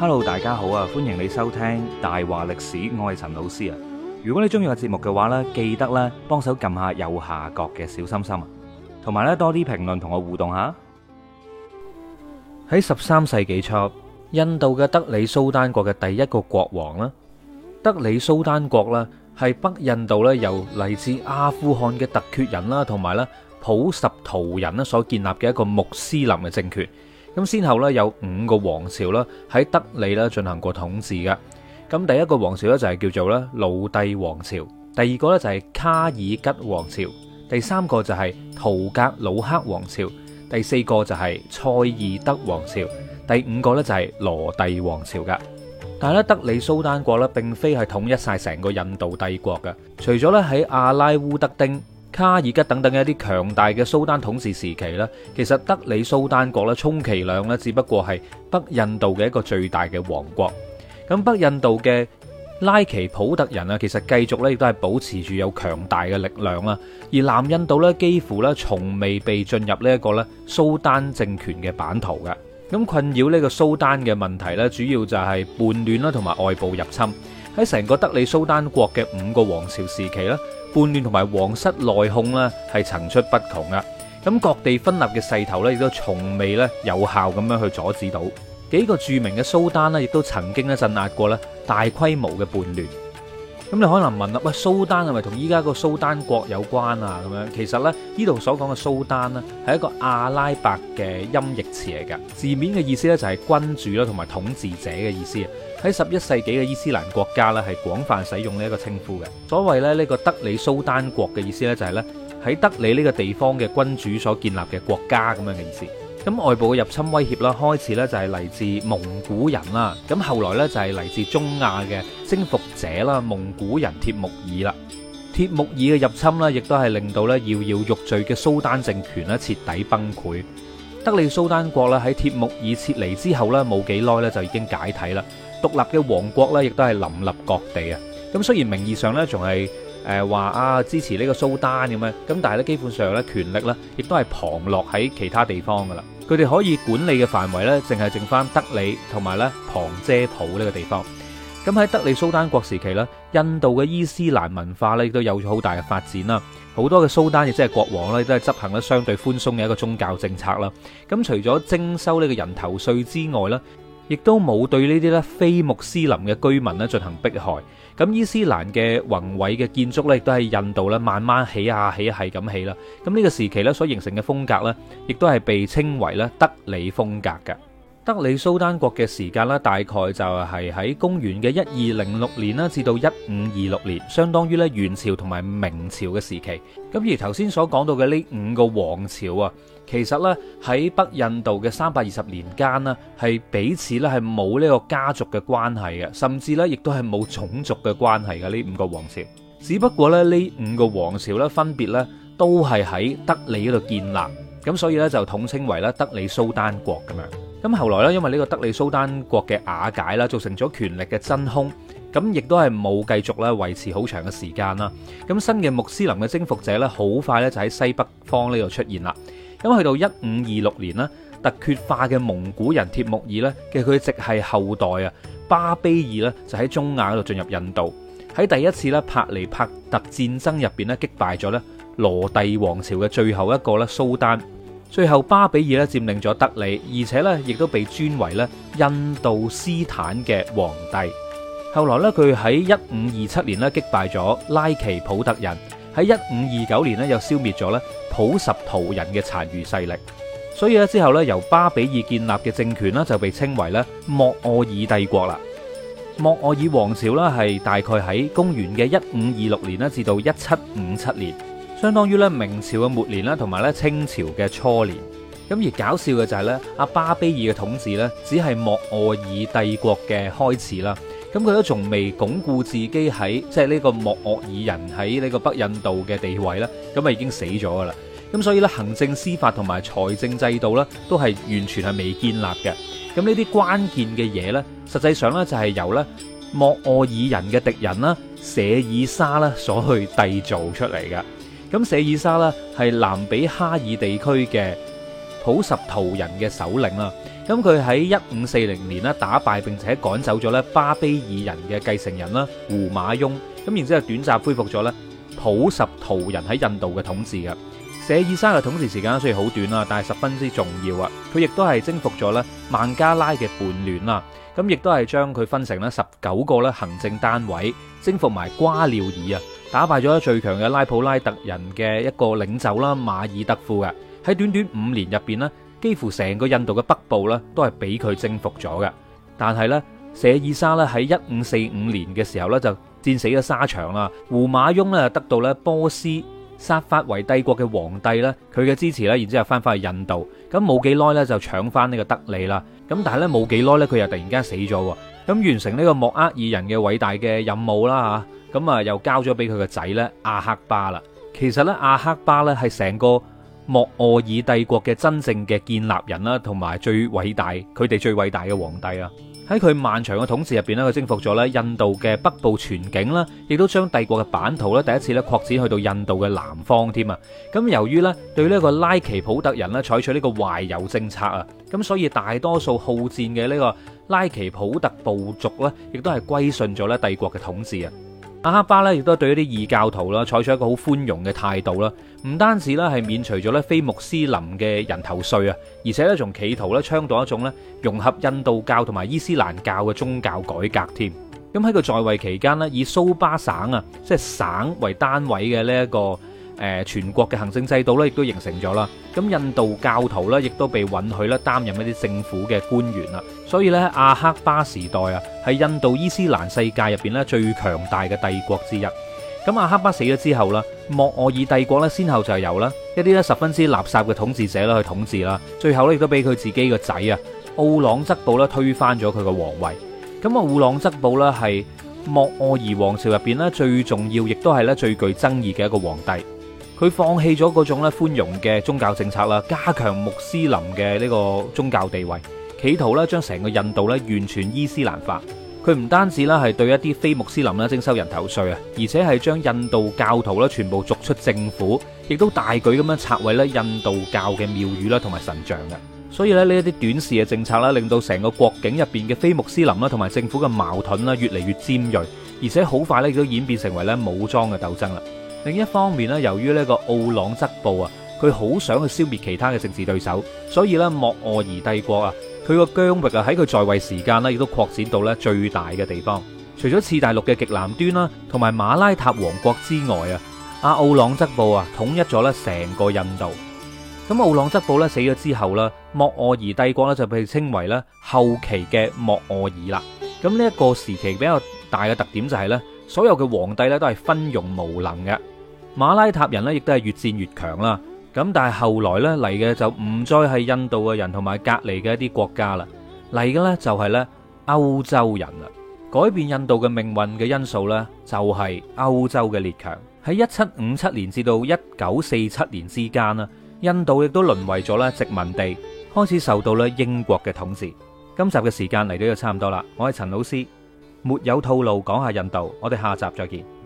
Hello，大家好啊！歡迎你收聽大話歷史，我係陳老師啊。如果你中意個節目嘅話呢，記得咧幫手撳下右下角嘅小心心啊，同埋咧多啲評論同我互動下。喺十三世紀初，印度嘅德里蘇丹國嘅第一個國王啦，德里蘇丹國呢係北印度呢由嚟自阿富汗嘅突厥人啦，同埋咧普什圖人呢所建立嘅一個穆斯林嘅政權。咁先後咧有五個王朝啦喺德里啦進行過統治嘅，咁第一個王朝咧就係叫做咧魯帝王朝，第二個咧就係卡爾吉王朝，第三個就係圖格魯克王朝，第四個就係塞爾德王朝，第五個咧就係羅帝王朝噶。但係咧德里蘇丹國咧並非係統一晒成個印度帝國嘅，除咗咧喺阿拉烏德丁。卡爾吉等等嘅一啲強大嘅蘇丹統治時期呢，其實德里蘇丹國咧充其量咧只不過係北印度嘅一個最大嘅王國。咁北印度嘅拉奇普特人啊，其實繼續咧亦都係保持住有強大嘅力量啦。而南印度呢幾乎呢從未被進入呢一個咧蘇丹政權嘅版圖嘅。咁困擾呢個蘇丹嘅問題呢，主要就係叛亂啦同埋外部入侵。喺成個德里蘇丹國嘅五個王朝時期咧。叛亂同埋皇室內訌咧係層出不窮㗎！咁各地分立嘅勢頭咧，亦都從未咧有效咁樣去阻止到。幾個著名嘅蘇丹咧，亦都曾經咧鎮壓過咧大規模嘅叛亂。咁你可能問啦，喂蘇丹係咪同依家個蘇丹國有關啊？咁樣其實呢呢度所講嘅蘇丹呢，係一個阿拉伯嘅音譯詞嚟噶，字面嘅意思呢，就係君主啦同埋統治者嘅意思。喺十一世紀嘅伊斯蘭國家呢，係廣泛使用呢一個稱呼嘅。所謂咧呢個德里蘇丹國嘅意思呢，就係呢喺德里呢個地方嘅君主所建立嘅國家咁樣嘅意思。咁外部嘅入侵威脅啦，開始呢就係嚟自蒙古人啦。咁後來呢就係嚟自中亞嘅征服者啦，蒙古人鐵木爾啦。鐵木爾嘅入侵呢，亦都係令到呢搖搖欲墜嘅蘇丹政權呢徹底崩潰。德里蘇丹國呢喺鐵木爾撤離之後呢冇幾耐呢就已經解體啦。獨立嘅王國呢亦都係林立各地啊。咁雖然名義上呢仲係，誒話啊，支持呢個蘇丹咁樣，咁但係咧基本上咧權力咧亦都係旁落喺其他地方噶啦，佢哋可以管理嘅範圍咧，淨係剩返德里同埋咧旁遮普呢個地方。咁喺德里蘇丹國時期咧，印度嘅伊斯蘭文化咧亦都有咗好大嘅發展啦，好多嘅蘇丹亦即係國王咧都係執行咗相對寬鬆嘅一個宗教政策啦。咁除咗徵收呢個人頭稅之外咧。亦都冇對呢啲咧非穆斯林嘅居民咧進行迫害。咁伊斯蘭嘅宏偉嘅建築呢都係印度咧慢慢起下、啊、起係、啊、咁起啦、啊。咁呢、啊啊呢個時期咧所形成嘅風格呢亦都係被稱為咧德里風格嘅。德里蘇丹國嘅時間呢大概就係喺公元嘅一二零六年啦，至到一五二六年，相當於咧元朝同埋明朝嘅時期。咁而頭先所講到嘅呢五個王朝啊。其實咧喺北印度嘅三百二十年間咧，係彼此咧係冇呢個家族嘅關係嘅，甚至咧亦都係冇種族嘅關係嘅。呢五個王朝，只不過咧呢五個王朝咧分別咧都係喺德里嗰度建立，咁所以咧就統稱為咧德里蘇丹國咁樣。咁後來咧，因為呢個德里蘇丹國嘅瓦解啦，造成咗權力嘅真空，咁亦都係冇繼續咧維持好長嘅時間啦。咁新嘅穆斯林嘅征服者咧，好快咧就喺西北方呢度出現啦。咁去到一五二六年咧，突厥化嘅蒙古人鐵木爾呢，嘅佢直系後代啊，巴比爾呢，就喺中亞嗰度進入印度，喺第一次呢，帕尼帕特戰爭入邊呢，擊敗咗呢，羅帝王朝嘅最後一個咧蘇丹，最後巴比爾呢，佔領咗德里，而且呢，亦都被尊為呢，印度斯坦嘅皇帝。後來呢，佢喺一五二七年呢，擊敗咗拉奇普特人。喺一五二九年咧，又消滅咗咧普什圖人嘅殘餘勢力，所以咧之後咧，由巴比爾建立嘅政權咧就被稱為咧莫臥兒帝國啦。莫臥兒王朝咧係大概喺公元嘅一五二六年咧至到一七五七年，相當於咧明朝嘅末年啦，同埋咧清朝嘅初年。咁而搞笑嘅就係咧，阿巴比爾嘅統治咧只係莫臥兒帝國嘅開始啦。咁佢都仲未鞏固自己喺即係呢個莫臥兒人喺呢個北印度嘅地位咧，咁啊已經死咗噶啦。咁所以咧，行政司法同埋財政制度咧都係完全係未建立嘅。咁呢啲關鍵嘅嘢呢，實際上呢，就係由咧莫臥兒人嘅敵人啦，舍爾沙啦所去締造出嚟嘅。咁舍爾沙咧係南比哈爾地區嘅。普什圖人嘅首領啦，咁佢喺一五四零年呢，打敗並且趕走咗咧巴卑爾人嘅繼承人啦胡馬雍，咁然之後短暫恢復咗咧普什圖人喺印度嘅統治嘅。舍爾沙嘅統治時間雖然好短啦，但係十分之重要啊！佢亦都係征服咗咧孟加拉嘅叛亂啦，咁亦都係將佢分成呢十九個咧行政單位，征服埋瓜廖爾啊，打敗咗最強嘅拉普拉特人嘅一個領袖啦馬爾德夫嘅。喺短短五年入邊呢，幾乎成個印度嘅北部呢都係俾佢征服咗嘅。但係呢，舍爾沙呢喺一五四五年嘅時候呢就戰死咗沙場啦。胡馬雍咧得到呢波斯薩法維帝國嘅皇帝呢，佢嘅支持呢，然之後翻返去印度咁冇幾耐呢就搶翻呢個德里啦。咁但係呢，冇幾耐呢，佢又突然間死咗喎。咁完成呢個莫臥兒人嘅偉大嘅任務啦，吓咁啊又交咗俾佢個仔呢，阿克巴啦。其實呢，阿克巴呢係成個。莫臥爾帝國嘅真正嘅建立人啦，同埋最偉大佢哋最偉大嘅皇帝啊！喺佢漫長嘅統治入邊咧，佢征服咗咧印度嘅北部全境啦，亦都將帝國嘅版圖咧第一次咧擴展去到印度嘅南方添啊！咁由於呢對呢個拉奇普特人咧採取呢個懷柔政策啊，咁所以大多數好戰嘅呢個拉奇普特部族呢，亦都係歸順咗咧帝國嘅統治啊！阿哈巴咧，亦都對一啲異教徒啦採取一個好寬容嘅態度啦，唔單止咧係免除咗咧非穆斯林嘅人頭稅啊，而且咧仲企圖咧倡導一種咧融合印度教同埋伊斯蘭教嘅宗教改革添。咁喺佢在位期間咧，以蘇巴省啊，即係省為單位嘅呢一個。誒，全國嘅行政制度咧，亦都形成咗啦。咁印度教徒呢，亦都被允許咧擔任一啲政府嘅官員啦。所以呢，阿克巴時代啊，係印度伊斯蘭世界入邊呢最強大嘅帝國之一。咁阿克巴死咗之後呢，莫卧兒帝國呢，先後就係由啦一啲咧十分之垃圾嘅統治者咧去統治啦。最後呢，亦都俾佢自己個仔啊，奧朗則布咧推翻咗佢個皇位。咁啊，奧朗則布呢，係莫卧兒王朝入邊咧最重要，亦都係咧最具爭議嘅一個皇帝。佢放棄咗嗰種咧寬容嘅宗教政策啦，加強穆斯林嘅呢個宗教地位，企圖咧將成個印度咧完全伊斯蘭化。佢唔單止咧係對一啲非穆斯林啦徵收人頭稅啊，而且係將印度教徒咧全部逐出政府，亦都大舉咁樣拆毀咧印度教嘅廟宇啦同埋神像嘅。所以咧呢一啲短視嘅政策啦，令到成個國境入邊嘅非穆斯林啦同埋政府嘅矛盾啦越嚟越尖鋭，而且好快咧都演變成為咧武裝嘅鬥爭啦。另一方面咧，由於呢個奧朗則布啊，佢好想去消滅其他嘅政治對手，所以咧莫臥兒帝國啊，佢個疆域啊喺佢在位時間咧，亦都擴展到咧最大嘅地方。除咗次大陸嘅極南端啦，同埋馬拉塔王國之外啊，阿奧朗則布啊統一咗咧成個印度。咁奧朗則布咧死咗之後咧，莫臥兒帝國咧就被稱為咧後期嘅莫臥兒啦。咁呢一個時期比較大嘅特點就係、是、咧。所有嘅皇帝呢都係昏庸無能嘅，馬拉塔人呢亦都係越戰越強啦。咁但係後來呢嚟嘅就唔再係印度嘅人同埋隔離嘅一啲國家啦，嚟嘅呢就係呢歐洲人啦。改變印度嘅命運嘅因素呢，就係歐洲嘅列強喺一七五七年至到一九四七年之間啦。印度亦都淪為咗呢殖民地，開始受到呢英國嘅統治。今集嘅時間嚟到就差唔多啦，我係陳老師。沒有套路，講下印度，我哋下集再見。